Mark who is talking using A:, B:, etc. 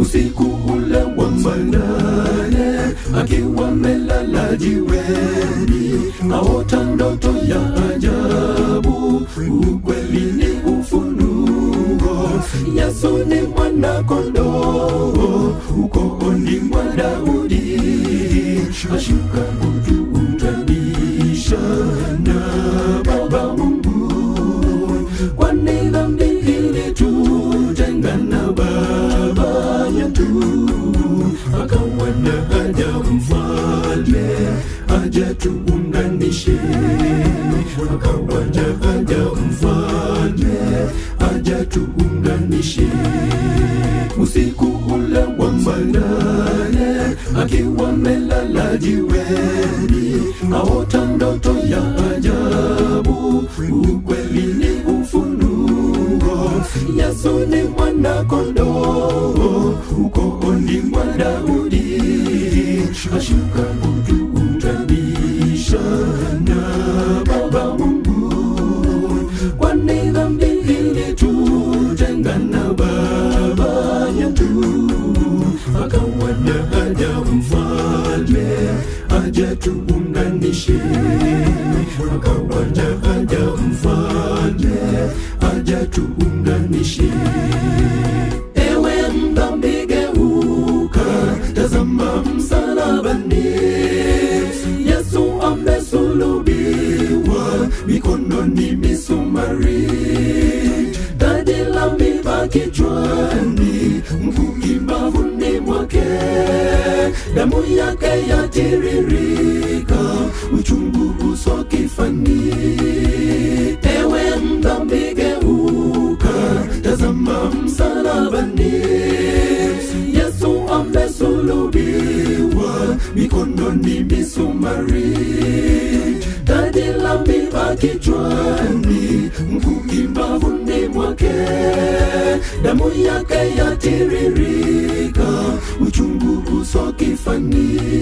A: usiku ule wa manane, akiwa melala jiweni, aota ndoto ya ajabu, ukweli ni ufunuo, Yesu ni mwana kondoo, ukoo ni mwa Daudi, ashuka kutu kama naja mfalme aja tuunganishe, kama mfalme aja tuunganishe. Usiku ule wa manane akiwa melala jiweni, aota ndoto ya ajabu, ukweli ni ufunuo. Yesu ni mwana kondoo, ukoo wa shuka Mungu utanisha na Baba Mungu, kwani dhambi ilitutengana Baba yetu, akawa na haja mfalme aje tuunganishe, akawa na haja mfalme aje tuunganishe mikononi misumari, dadi la miba kichwani, mkuki mbavuni mwake, damu yake yatiririka, uchungu uso kifani. Ewe mdhambi tazama msalabani, Yesu amesulubiwa mikononi misumari dhambi makichwani, ngumi mbavuni mwake, damu yake yatiririka, uchungu uso kifani